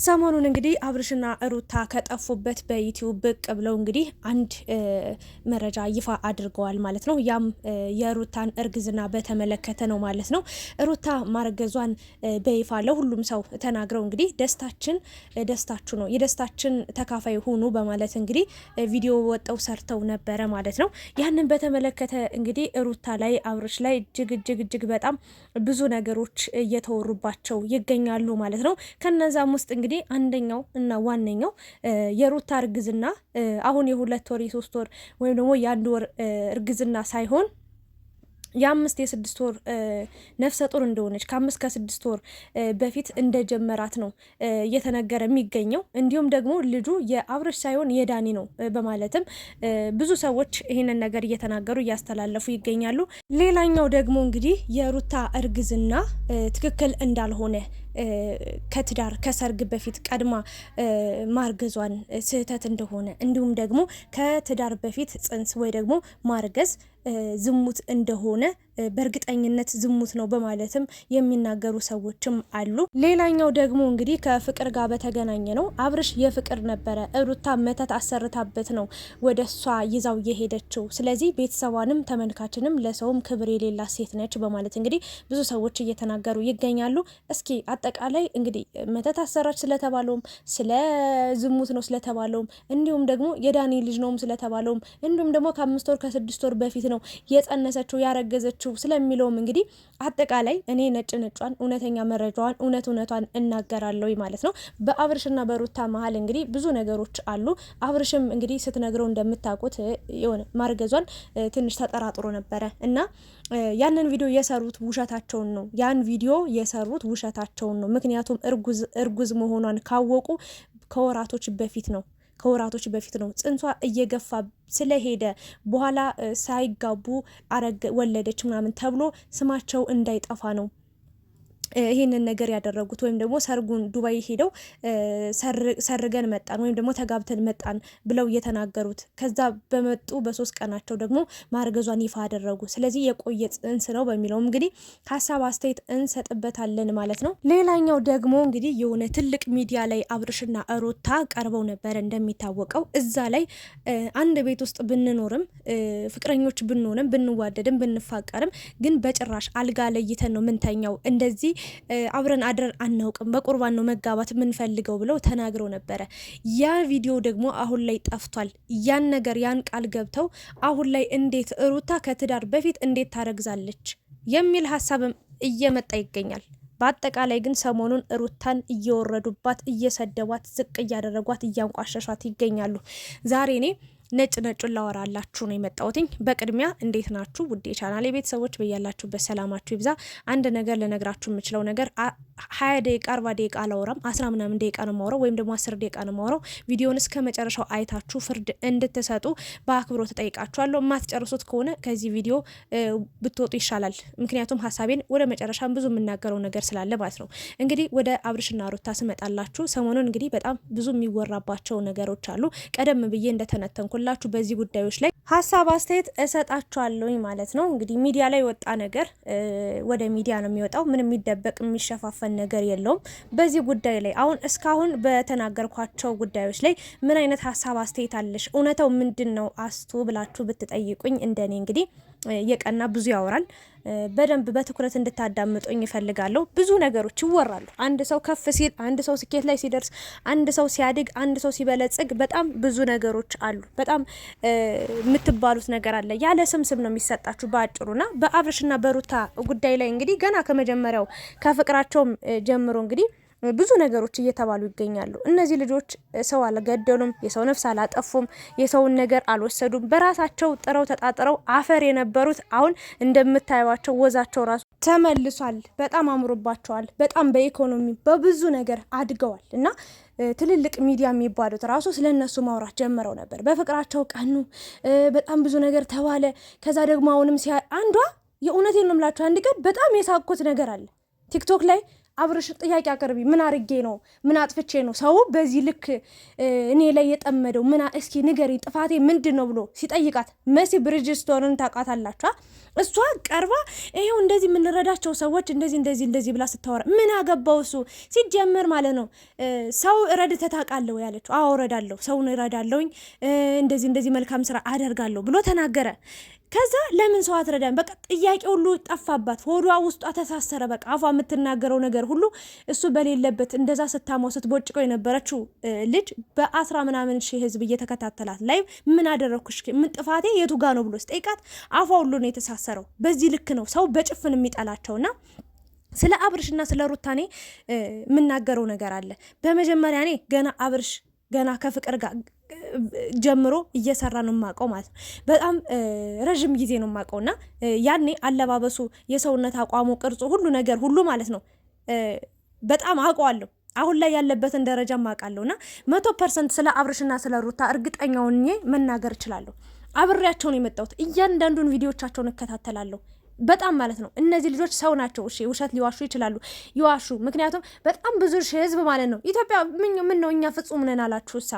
ሰሞኑን እንግዲህ አብርሽና ሩታ ከጠፉበት በዩቲዩብ ብቅ ብለው እንግዲህ አንድ መረጃ ይፋ አድርገዋል ማለት ነው። ያም የሩታን እርግዝና በተመለከተ ነው ማለት ነው። ሩታ ማርገዟን በይፋ ለሁሉም ሰው ተናግረው እንግዲህ ደስታችን ደስታችሁ ነው የደስታችን ተካፋይ ሁኑ በማለት እንግዲህ ቪዲዮ ወጠው ሰርተው ነበረ ማለት ነው። ያንን በተመለከተ እንግዲህ ሩታ ላይ አብርሽ ላይ እጅግ እጅግ እጅግ በጣም ብዙ ነገሮች እየተወሩባቸው ይገኛሉ ማለት ነው። ከነዛም ውስጥ እንግዲህ አንደኛው እና ዋነኛው የሩታ እርግዝና አሁን የሁለት ወር የሶስት ወር ወይም ደግሞ የአንድ ወር እርግዝና ሳይሆን የአምስት የስድስት ወር ነፍሰ ጡር እንደሆነች ከአምስት ከስድስት ወር በፊት እንደጀመራት ነው እየተነገረ የሚገኘው። እንዲሁም ደግሞ ልጁ የአብርሽ ሳይሆን የዳኒ ነው በማለትም ብዙ ሰዎች ይህንን ነገር እየተናገሩ እያስተላለፉ ይገኛሉ። ሌላኛው ደግሞ እንግዲህ የሩታ እርግዝና ትክክል እንዳልሆነ ከትዳር ከሰርግ በፊት ቀድማ ማርገዟን ስህተት እንደሆነ እንዲሁም ደግሞ ከትዳር በፊት ጽንስ ወይ ደግሞ ማርገዝ ዝሙት እንደሆነ በእርግጠኝነት ዝሙት ነው በማለትም የሚናገሩ ሰዎችም አሉ። ሌላኛው ደግሞ እንግዲህ ከፍቅር ጋር በተገናኘ ነው። አብርሽ የፍቅር ነበረ እሩታ መተት አሰርታበት ነው ወደ እሷ ይዛው የሄደችው። ስለዚህ ቤተሰቧንም ተመልካችንም ለሰውም ክብር የሌላ ሴት ነች በማለት እንግዲህ ብዙ ሰዎች እየተናገሩ ይገኛሉ። እስኪ አጠቃላይ እንግዲህ መተት አሰራች ስለተባለውም ስለ ዝሙት ነው ስለተባለውም እንዲሁም ደግሞ የዳኒ ልጅ ነውም ስለተባለውም እንዲሁም ደግሞ ከአምስት ወር ከስድስት ወር በፊት ነው የጸነሰችው ያረገዘችው ያለችው ስለሚለውም እንግዲህ አጠቃላይ እኔ ነጭ ነጯን እውነተኛ መረጃዋን እውነት እውነቷን እናገራለሁ ማለት ነው። በአብርሽና በሩታ መሀል እንግዲህ ብዙ ነገሮች አሉ። አብርሽም እንግዲህ ስትነግረው እንደምታውቁት የሆነ ማርገዟን ትንሽ ተጠራጥሮ ነበረ እና ያንን ቪዲዮ የሰሩት ውሸታቸውን ነው። ያን ቪዲዮ የሰሩት ውሸታቸውን ነው። ምክንያቱም እርጉዝ መሆኗን ካወቁ ከወራቶች በፊት ነው ከወራቶች በፊት ነው። ጽንሷ እየገፋ ስለሄደ በኋላ ሳይጋቡ አረገ ወለደች ምናምን ተብሎ ስማቸው እንዳይጠፋ ነው ይህንን ነገር ያደረጉት ወይም ደግሞ ሰርጉን ዱባይ ሄደው ሰርገን መጣን ወይም ደግሞ ተጋብተን መጣን ብለው እየተናገሩት ከዛ በመጡ በሶስት ቀናቸው ደግሞ ማርገዟን ይፋ አደረጉ። ስለዚህ የቆየ ጽንስ ነው በሚለው እንግዲህ ሀሳብ አስተያየት እንሰጥበታለን ማለት ነው። ሌላኛው ደግሞ እንግዲህ የሆነ ትልቅ ሚዲያ ላይ አብርሽና እሮታ ቀርበው ነበር። እንደሚታወቀው እዛ ላይ አንድ ቤት ውስጥ ብንኖርም ፍቅረኞች ብንሆንም ብንዋደድም ብንፋቀርም ግን በጭራሽ አልጋ ለይተን ነው ምንተኛው እንደዚህ አብረን አድረን አናውቅም፣ በቁርባን ነው መጋባት የምንፈልገው ብለው ተናግረው ነበረ። ያ ቪዲዮ ደግሞ አሁን ላይ ጠፍቷል። ያን ነገር ያን ቃል ገብተው አሁን ላይ እንዴት እሩታ ከትዳር በፊት እንዴት ታረግዛለች የሚል ሀሳብም እየመጣ ይገኛል። በአጠቃላይ ግን ሰሞኑን ሩታን እየወረዱባት፣ እየሰደቧት፣ ዝቅ እያደረጓት፣ እያንቋሸሿት ይገኛሉ። ዛሬ እኔ ነጭ ነጩን ላወራላችሁ ነው የመጣሁትኝ። በቅድሚያ እንዴት ናችሁ ውዴ ቻናል የቤተሰቦች፣ በያላችሁበት ሰላማችሁ ይብዛ። አንድ ነገር ልነግራችሁ የምችለው ነገር ሀያ ደቂቃ አርባ ደቂቃ አላወራም፣ አስራ ምናምን ደቂቃ ነው ማውረው ወይም ደግሞ አስር ደቂቃ ነው ማውረው። ቪዲዮን እስከ መጨረሻው አይታችሁ ፍርድ እንድትሰጡ በአክብሮ ተጠይቃችኋለሁ። የማትጨርሱት ከሆነ ከዚህ ቪዲዮ ብትወጡ ይሻላል። ምክንያቱም ሀሳቤን ወደ መጨረሻ ብዙ የምናገረው ነገር ስላለ ማለት ነው። እንግዲህ ወደ አብርሽና ሩታ ስመጣላችሁ ሰሞኑን እንግዲህ በጣም ብዙ የሚወራባቸው ነገሮች አሉ። ቀደም ብዬ እንደተነተንኩላችሁ በዚህ ጉዳዮች ላይ ሀሳብ አስተያየት እሰጣችኋለሁኝ ማለት ነው። እንግዲህ ሚዲያ ላይ ወጣ ነገር ወደ ሚዲያ ነው የሚወጣው። ምንም የሚደበቅ የሚሸፋፍ የሚሸፈን ነገር የለውም። በዚህ ጉዳይ ላይ አሁን እስካሁን በተናገርኳቸው ጉዳዮች ላይ ምን አይነት ሀሳብ አስተያየት አለሽ? እውነተው ምንድን ነው አስቱ ብላችሁ ብትጠይቁኝ እንደኔ እንግዲህ የቀና ብዙ ያወራል። በደንብ በትኩረት እንድታዳምጡኝ ይፈልጋለሁ። ብዙ ነገሮች ይወራሉ። አንድ ሰው ከፍ ሲል፣ አንድ ሰው ስኬት ላይ ሲደርስ፣ አንድ ሰው ሲያድግ፣ አንድ ሰው ሲበለጽግ በጣም ብዙ ነገሮች አሉ። በጣም የምትባሉት ነገር አለ። ያለ ስም ስም ነው የሚሰጣችሁ በአጭሩና በአብርሽና በሩታ ጉዳይ ላይ እንግዲህ ገና ከመጀመሪያው ከፍቅራቸውም ጀምሮ እንግዲህ ብዙ ነገሮች እየተባሉ ይገኛሉ። እነዚህ ልጆች ሰው አልገደሉም፣ የሰው ነፍስ አላጠፉም፣ የሰውን ነገር አልወሰዱም። በራሳቸው ጥረው ተጣጥረው አፈር የነበሩት አሁን እንደምታዩቸው ወዛቸው ራሱ ተመልሷል። በጣም አምሮባቸዋል። በጣም በኢኮኖሚ በብዙ ነገር አድገዋል እና ትልልቅ ሚዲያ የሚባሉት ራሱ ስለ እነሱ ማውራት ጀምረው ነበር። በፍቅራቸው ቀኑ በጣም ብዙ ነገር ተባለ። ከዛ ደግሞ አሁንም ሲያ አንዷ የእውነቴን ነው የምላቸው አንድ ቀን በጣም የሳቅኩት ነገር አለ ቲክቶክ ላይ አብርሽ ጥያቄ አቅርቢ። ምን አርጌ ነው? ምን አጥፍቼ ነው ሰው በዚህ ልክ እኔ ላይ የጠመደው? ምን እስኪ ንገሪ፣ ጥፋቴ ምንድን ነው ብሎ ሲጠይቃት መሲ ብሪጅስቶንን ታውቃታላችሁ። እሷ ቀርባ ይሄው እንደዚህ የምንረዳቸው ሰዎች እንደዚህ እንደዚህ እንደዚህ ብላ ስታወራ ምን አገባው እሱ ሲጀምር ማለት ነው። ሰው ረድተህ ታውቃለህ ያለችው፣ አዎ እረዳለሁ፣ ሰውን እረዳለሁኝ፣ እንደዚህ እንደዚህ መልካም ስራ አደርጋለሁ ብሎ ተናገረ። ከዛ ለምን ሰው አትረዳም? በቃ ጥያቄ ሁሉ ጠፋባት። ሆዷ ውስጧ ተሳሰረ። በቃ አፏ የምትናገረው ነገር ሁሉ እሱ በሌለበት እንደዛ ስታማው ስትቦጭቀው የነበረችው ልጅ በአስራ ምናምን ሺህ ህዝብ እየተከታተላት ላይ ምን አደረግኩሽ ምን ጥፋቴ የቱ ጋ ነው ብሎ ስጠይቃት አፏ ሁሉ ነው የተሳሰረው። በዚህ ልክ ነው ሰው በጭፍን የሚጠላቸውና ስለ አብርሽና ስለ ሩታኔ የምናገረው ነገር አለ። በመጀመሪያ እኔ ገና አብርሽ ገና ከፍቅር ጋር ጀምሮ እየሰራ ነው የማውቀው ማለት ነው። በጣም ረዥም ጊዜ ነው የማውቀው እና ያኔ አለባበሱ፣ የሰውነት አቋሙ፣ ቅርጹ፣ ሁሉ ነገር ሁሉ ማለት ነው በጣም አውቀዋለሁ። አሁን ላይ ያለበትን ደረጃ ማውቃለሁ እና መቶ ፐርሰንት ስለ አብርሽና ስለ ሩታ እርግጠኛውን መናገር እችላለሁ። አብሬያቸውን የመጣሁት እያንዳንዱን ቪዲዮቻቸውን እከታተላለሁ። በጣም ማለት ነው እነዚህ ልጆች ሰው ናቸው። እሺ ውሸት ሊዋሹ ይችላሉ፣ ይዋሹ። ምክንያቱም በጣም ብዙ ሺህ ህዝብ ማለት ነው ኢትዮጵያ ምን ነው እኛ ፍጹም ነን አላችሁ እሳ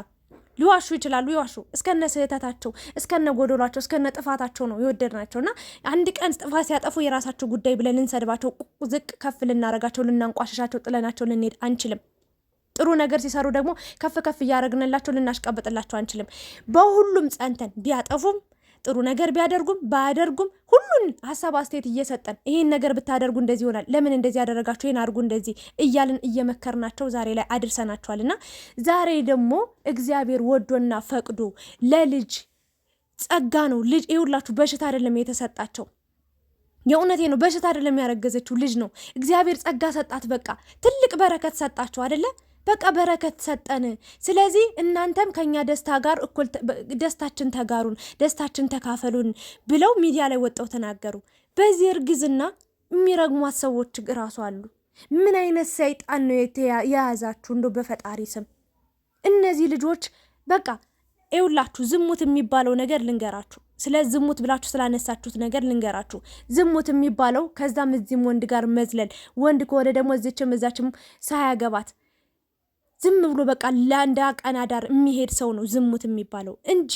ሊዋሹ ይችላሉ። ይዋሹ እስከነ ስህተታቸው እስከነ ጎደሏቸው እስከነ ጥፋታቸው ነው የወደድናቸው እና አንድ ቀን ጥፋት ሲያጠፉ የራሳቸው ጉዳይ ብለን ልንሰድባቸው፣ ዝቅ ከፍ ልናረጋቸው፣ ልናንቋሸሻቸው፣ ጥለናቸው ልንሄድ አንችልም። ጥሩ ነገር ሲሰሩ ደግሞ ከፍ ከፍ እያደረግንላቸው ልናሽቀብጥላቸው አንችልም። በሁሉም ጸንተን ቢያጠፉም ጥሩ ነገር ቢያደርጉም ባያደርጉም ሁሉን ሀሳብ አስተያየት እየሰጠን ይሄን ነገር ብታደርጉ እንደዚህ ይሆናል፣ ለምን እንደዚህ ያደረጋችሁ፣ ይሄን አድርጉ እንደዚህ እያልን እየመከርናቸው ዛሬ ላይ አድርሰናቸዋል። እና ዛሬ ደግሞ እግዚአብሔር ወዶና ፈቅዶ ለልጅ ጸጋ ነው። ልጅ ይሁላችሁ፣ በሽታ አይደለም የተሰጣቸው የእውነቴ ነው። በሽታ አይደለም ያረገዘችው ልጅ ነው። እግዚአብሔር ጸጋ ሰጣት። በቃ ትልቅ በረከት ሰጣቸው አይደለ? በቃ በረከት ሰጠን። ስለዚህ እናንተም ከኛ ደስታ ጋር እኩል ደስታችን ተጋሩን፣ ደስታችን ተካፈሉን ብለው ሚዲያ ላይ ወጠው ተናገሩ። በዚህ እርግዝና የሚረግሟት ሰዎች እራሱ አሉ። ምን አይነት ሰይጣን ነው የያዛችሁ? እንደው በፈጣሪ ስም እነዚህ ልጆች በቃ ይውላችሁ። ዝሙት የሚባለው ነገር ልንገራችሁ ስለ ዝሙት ብላችሁ ስላነሳችሁት ነገር ልንገራችሁ። ዝሙት የሚባለው ከዛም እዚህም ወንድ ጋር መዝለል፣ ወንድ ከሆነ ደግሞ እዚችም እዛችም ሳያገባት ዝም ብሎ በቃ ለአንድ ቀን የሚሄድ ሰው ነው ዝሙት የሚባለው እንጂ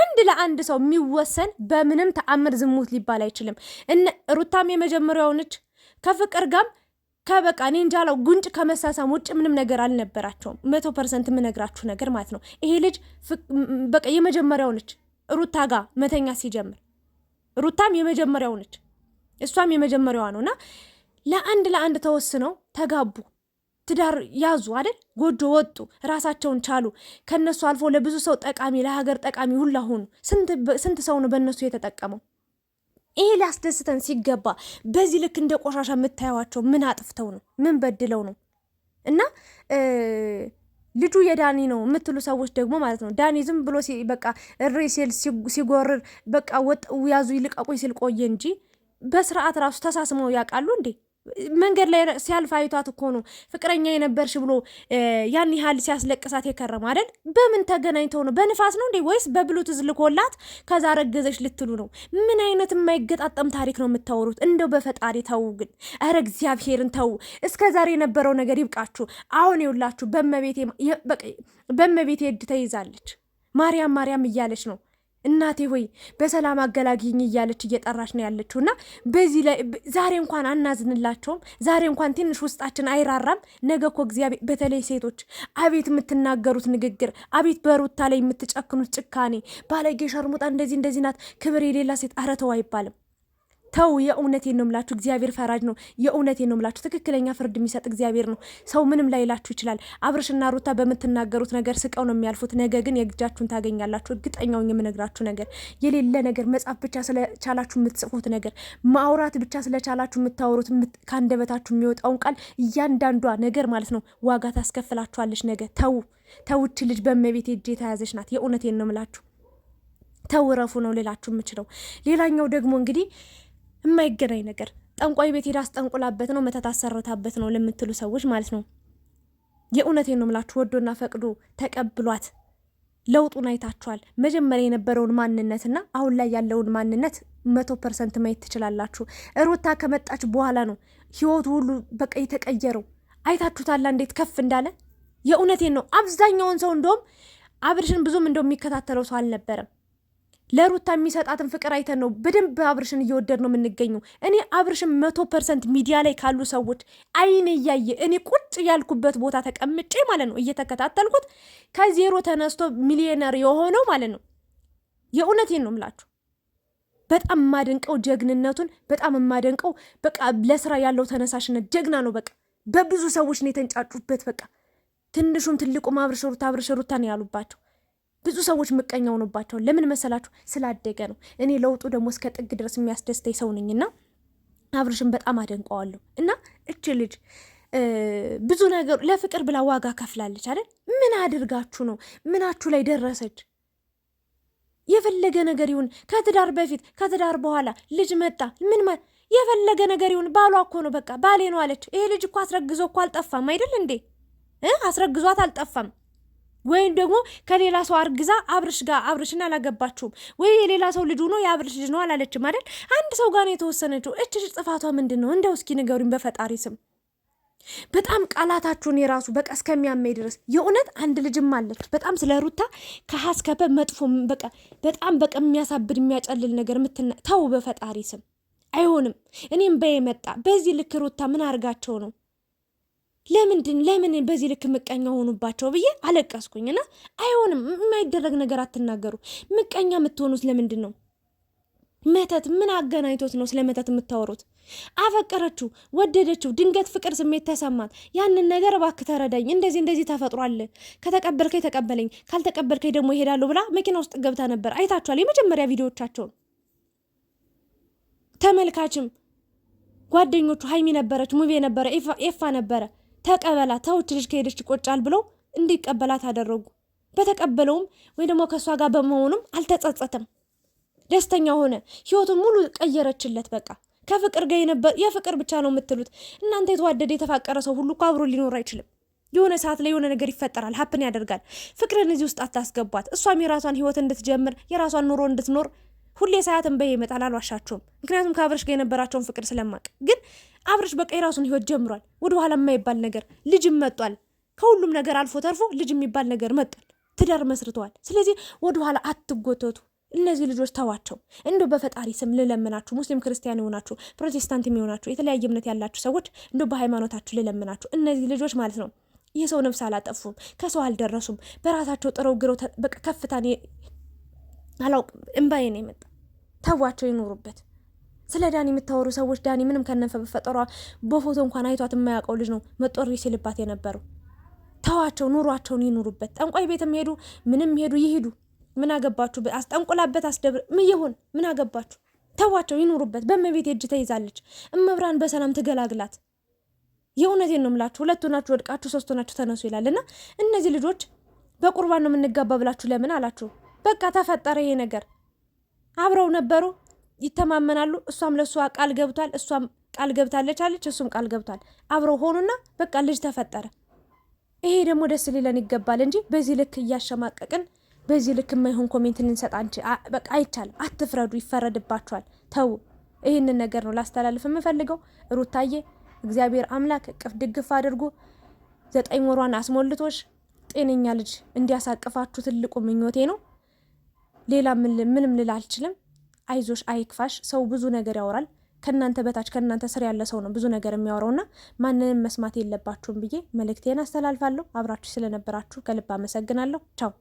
አንድ ለአንድ ሰው የሚወሰን በምንም ተአምር ዝሙት ሊባል አይችልም። እነ ሩታም የመጀመሪያው ነች። ከፍቅር ጋም ከበቃ እኔ እንጃ ጉንጭ ከመሳሳም ውጭ ምንም ነገር አልነበራቸውም። መቶ ፐርሰንት የምነግራችሁ ነገር ማለት ነው። ይሄ ልጅ በቃ የመጀመሪያው ነች። ሩታ ጋ መተኛ ሲጀምር ሩታም የመጀመሪያው ነች፣ እሷም የመጀመሪያዋ ነው እና ለአንድ ለአንድ ተወስነው ተጋቡ። ትዳር ያዙ አይደል? ጎጆ ወጡ፣ ራሳቸውን ቻሉ። ከነሱ አልፎ ለብዙ ሰው ጠቃሚ፣ ለሀገር ጠቃሚ ሁላ ሆኑ። ስንት ሰው ነው በእነሱ የተጠቀመው? ይሄ ሊያስደስተን ሲገባ በዚህ ልክ እንደ ቆሻሻ የምታየዋቸው ምን አጥፍተው ነው? ምን በድለው ነው? እና ልጁ የዳኒ ነው የምትሉ ሰዎች ደግሞ ማለት ነው ዳኒ ዝም ብሎ በቃ እሪ ሲል ሲጎርር በቃ ወጥ ያዙ ይልቀቁኝ ሲል ቆየ እንጂ በስርዓት ራሱ ተሳስመው ያውቃሉ እንዴ? መንገድ ላይ ሲያልፍ አይቷት እኮ ነው ፍቅረኛ የነበርሽ ብሎ ያን ያህል ሲያስለቅሳት የከረሙ አይደል? በምን ተገናኝተው ነው? በንፋስ ነው እንዴ ወይስ በብሉቱዝ ልኮላት ከዛ ረገዘች ልትሉ ነው? ምን አይነት የማይገጣጠም ታሪክ ነው የምታወሩት? እንደው በፈጣሪ ተው ግን፣ ኧረ እግዚአብሔርን ተው። እስከ ዛሬ የነበረው ነገር ይብቃችሁ። አሁን ይውላችሁ በመቤቴ በመቤቴ እድ ተይዛለች። ማርያም ማርያም እያለች ነው እናቴ ሆይ በሰላም አገላግኝ እያለች እየጠራች ነው ያለችው። እና በዚህ ላይ ዛሬ እንኳን አናዝንላቸውም። ዛሬ እንኳን ትንሽ ውስጣችን አይራራም። ነገ እኮ እግዚአብሔር፣ በተለይ ሴቶች አቤት የምትናገሩት ንግግር፣ አቤት በሩታ ላይ የምትጨክኑት ጭካኔ፣ ባለጌ ሸርሙጣ እንደዚህ እንደዚህ ናት፣ ክብር የሌላ ሴት አረተው አይባልም። ተው የእውነቴን ነው የምላችሁ፣ እግዚአብሔር ፈራጅ ነው። የእውነቴን ነው ትክክለኛ ፍርድ የሚሰጥ እግዚአብሔር ነው። ሰው ምንም ላችሁ ይችላል። አብርሽና ሩታ በምትናገሩት ነገር ስቀው ነው የሚያልፉት። ነገ ግን የእጃችሁን ታገኛላችሁ። እርግጠኛው የምነግራችሁ ነገር የሌለ ነገር መጻፍ ብቻ ስለቻላችሁ የምትጽፉት ነገር ማውራት ብቻ ስለቻላችሁ የምታወሩት ከአንደበታችሁ የሚወጣውን ቃል እያንዳንዷ ነገር ማለት ነው ዋጋ ታስከፍላችኋለች። ነገ ተው ተውች ልጅ በመቤት እጅ የተያዘች ናት። የእውነቴን ነው የምላችሁ ተውረፉ ነው ልላችሁ የምችለው። ሌላኛው ደግሞ እንግዲህ የማይገናኝ ነገር ጠንቋይ ቤት ሄዳ አስጠንቁላበት ነው መተት አሰርታበት ነው ለምትሉ ሰዎች ማለት ነው የእውነቴ ነው የምላችሁ። ወዶና ፈቅዶ ተቀብሏት ለውጡን አይታችኋል። መጀመሪያ የነበረውን ማንነትና አሁን ላይ ያለውን ማንነት መቶ ፐርሰንት ማየት ትችላላችሁ። ሩታ ከመጣች በኋላ ነው ህይወቱ ሁሉ በቃ የተቀየረው። አይታችሁታላ እንዴት ከፍ እንዳለ። የእውነቴን ነው አብዛኛውን ሰው እንደውም አብርሽን ብዙም እንደው የሚከታተለው ሰው አልነበረም። ለሩታ የሚሰጣትን ፍቅር አይተን ነው በደንብ አብርሽን እየወደድ ነው የምንገኘው። እኔ አብርሽን መቶ ፐርሰንት ሚዲያ ላይ ካሉ ሰዎች አይን እያየ እኔ ቁጭ ያልኩበት ቦታ ተቀምጬ ማለት ነው እየተከታተልኩት ከዜሮ ተነስቶ ሚሊዮነር የሆነው ማለት ነው። የእውነቴን ነው የምላችሁ። በጣም የማደንቀው ጀግንነቱን፣ በጣም የማደንቀው በቃ ለስራ ያለው ተነሳሽነት ጀግና ነው። በቃ በብዙ ሰዎች ነው የተንጫጩበት። በቃ ትንሹም ትልቁም አብርሽ ሩታ አብርሽ ሩታ ነው ያሉባቸው። ብዙ ሰዎች ምቀኛ ሆኖባቸዋል። ለምን መሰላችሁ? ስላደገ ነው። እኔ ለውጡ ደግሞ እስከ ጥግ ድረስ የሚያስደስተኝ ሰው ነኝና አብርሽን በጣም አደንቀዋለሁ። እና እች ልጅ ብዙ ነገሩ ለፍቅር ብላ ዋጋ ከፍላለች አይደል? ምን አድርጋችሁ ነው? ምናችሁ ላይ ደረሰች? የፈለገ ነገር ይሁን፣ ከትዳር በፊት ከትዳር በኋላ ልጅ መጣ፣ ምን የፈለገ ነገር ይሁን፣ ባሏ እኮ ነው፣ በቃ ባሌ ነው አለች። ይሄ ልጅ እኮ አስረግዞ እኮ አልጠፋም አይደል እንዴ? አስረግዟት አልጠፋም። ወይም ደግሞ ከሌላ ሰው አርግዛ አብርሽ ጋር አብርሽን አላገባችሁም ወይ የሌላ ሰው ልጅ ሆኖ የአብርሽ ልጅ ነው አላለችም አይደል? አንድ ሰው ጋር ነው የተወሰነችው። እችሽ ጥፋቷ ምንድን ነው? እንደው እስኪ ንገሩኝ በፈጣሪ ስም። በጣም ቃላታችሁን የራሱ በቃ እስከሚያመኝ ድረስ የእውነት አንድ ልጅም አለች። በጣም ስለ ሩታ ከሀስከበ መጥፎ በቃ በጣም በቃ የሚያሳብድ የሚያጨልል ነገር ምትና ተው፣ በፈጣሪ ስም አይሆንም። እኔም በየመጣ በዚህ ልክ ሩታ ምን አርጋቸው ነው ለምንድን ለምን በዚህ ልክ ምቀኛ ሆኑባቸው ብዬ አለቀስኩኝና፣ አይሆንም፣ የማይደረግ ነገር አትናገሩ። ምቀኛ የምትሆኑት ለምንድን ነው? መተት ምን አገናኝቶት ነው ስለ መተት የምታወሩት? አፈቀረችው፣ ወደደችው፣ ድንገት ፍቅር ስሜት ተሰማት። ያንን ነገር እባክህ ተረዳኝ፣ እንደዚህ እንደዚህ ተፈጥሯል፣ ከተቀበልከኝ ተቀበለኝ፣ ካልተቀበልከኝ ደግሞ ይሄዳሉ ብላ መኪና ውስጥ ገብታ ነበር። አይታችኋል የመጀመሪያ ቪዲዮቻቸውን። ተመልካችም ጓደኞቹ ሀይሚ ነበረች፣ ሙቪ ነበረ፣ ኤፋ ነበረ ተቀበላት ተውች ልጅ ከሄደች ይቆጫል ብለው እንዲቀበላት አደረጉ። በተቀበለውም ወይ ደግሞ ከእሷ ጋር በመሆኑም አልተጸጸተም፣ ደስተኛ ሆነ። ህይወቱን ሙሉ ቀየረችለት። በቃ ከፍቅር ጋር የነበር የፍቅር ብቻ ነው የምትሉት እናንተ። የተዋደደ የተፋቀረ ሰው ሁሉ እኮ አብሮ ሊኖር አይችልም። የሆነ ሰዓት ላይ የሆነ ነገር ይፈጠራል፣ ሀፕን ያደርጋል። ፍቅርን እዚህ ውስጥ አታስገቧት። እሷም የራሷን ህይወት እንድትጀምር የራሷን ኑሮ እንድትኖር ሁሌ ሳያትን በይ ይመጣል። አልዋሻቸውም፣ ምክንያቱም ከአብረሽ ጋር የነበራቸውን ፍቅር ስለማቅ ግን አብርሽ በቃ የራሱን ህይወት ጀምሯል። ኋላ የማይባል ነገር ልጅም መጧል። ከሁሉም ነገር አልፎ ተርፎ ልጅ የሚባል ነገር መጧል። ትዳር መስርተዋል። ስለዚህ ወደኋላ አትጎተቱ። እነዚህ ልጆች ተዋቸው። እንዶ በፈጣሪ ስም ልለምናችሁ፣ ሙስሊም ክርስቲያን የሆናችሁ ፕሮቴስታንት የሆናችሁ የተለያየ እምነት ያላችሁ ሰዎች እንዶ በሃይማኖታችሁ ልለምናችሁ። እነዚህ ልጆች ማለት ነው የሰው ነፍስ አላጠፉም፣ ከሰው አልደረሱም። በራሳቸው ጥረው ግረው በቃ ከፍታን አላውቅም። እምባዬ ነው የመጣ ተዋቸው፣ ይኖሩበት ስለ ዳኒ የምታወሩ ሰዎች ዳኒ ምንም ከነፈ በፈጠሯ በፎቶ እንኳን አይቷት የማያውቀው ልጅ ነው መጦሪ ሲልባት የነበረው። ተዋቸው፣ ኑሯቸውን ይኑሩበት። ጠንቋይ ቤትም ሄዱ ምንም ሄዱ ይሄዱ፣ ምን አገባችሁ? አስጠንቁላበት፣ አስደብር ምን ይሁን፣ ምን አገባችሁ? ተዋቸው፣ ይኑሩበት። በእመቤት እጅ ተይዛለች። እመብርሃን በሰላም ትገላግላት። የእውነቴን ነው የምላችሁ። ሁለት ሆናችሁ ወድቃችሁ ሶስት ሆናችሁ ተነሱ ይላል እና እነዚህ ልጆች በቁርባን ነው የምንጋባ ብላችሁ ለምን አላችሁ? በቃ ተፈጠረ ይሄ ነገር። አብረው ነበሩ፣ ይተማመናሉ። እሷም ለእሷ ቃል ገብቷል፣ እሷም ቃል ገብታለች አለች፣ እሱም ቃል ገብቷል። አብረው ሆኑና በቃ ልጅ ተፈጠረ። ይሄ ደግሞ ደስ ሊለን ይገባል እንጂ በዚህ ልክ እያሸማቀቅን በዚህ ልክ የማይሆን ኮሜንት እንሰጣ አንቺ በቃ አይቻልም። አትፍረዱ፣ ይፈረድባችኋል። ተው፣ ይህንን ነገር ነው ላስተላልፍ የምፈልገው። ሩታዬ እግዚአብሔር አምላክ እቅፍ ድግፍ አድርጎ ዘጠኝ ወሯን አስሞልቶች ጤነኛ ልጅ እንዲያሳቅፋችሁ ትልቁ ምኞቴ ነው። ሌላ ምንም ልል አልችልም። አይዞሽ፣ አይክፋሽ። ሰው ብዙ ነገር ያወራል። ከእናንተ በታች ከእናንተ ስር ያለ ሰው ነው ብዙ ነገር የሚያወራውና ማንንም መስማት የለባችሁም ብዬ መልእክቴን አስተላልፋለሁ። አብራችሁ ስለነበራችሁ ከልብ አመሰግናለሁ። ቻው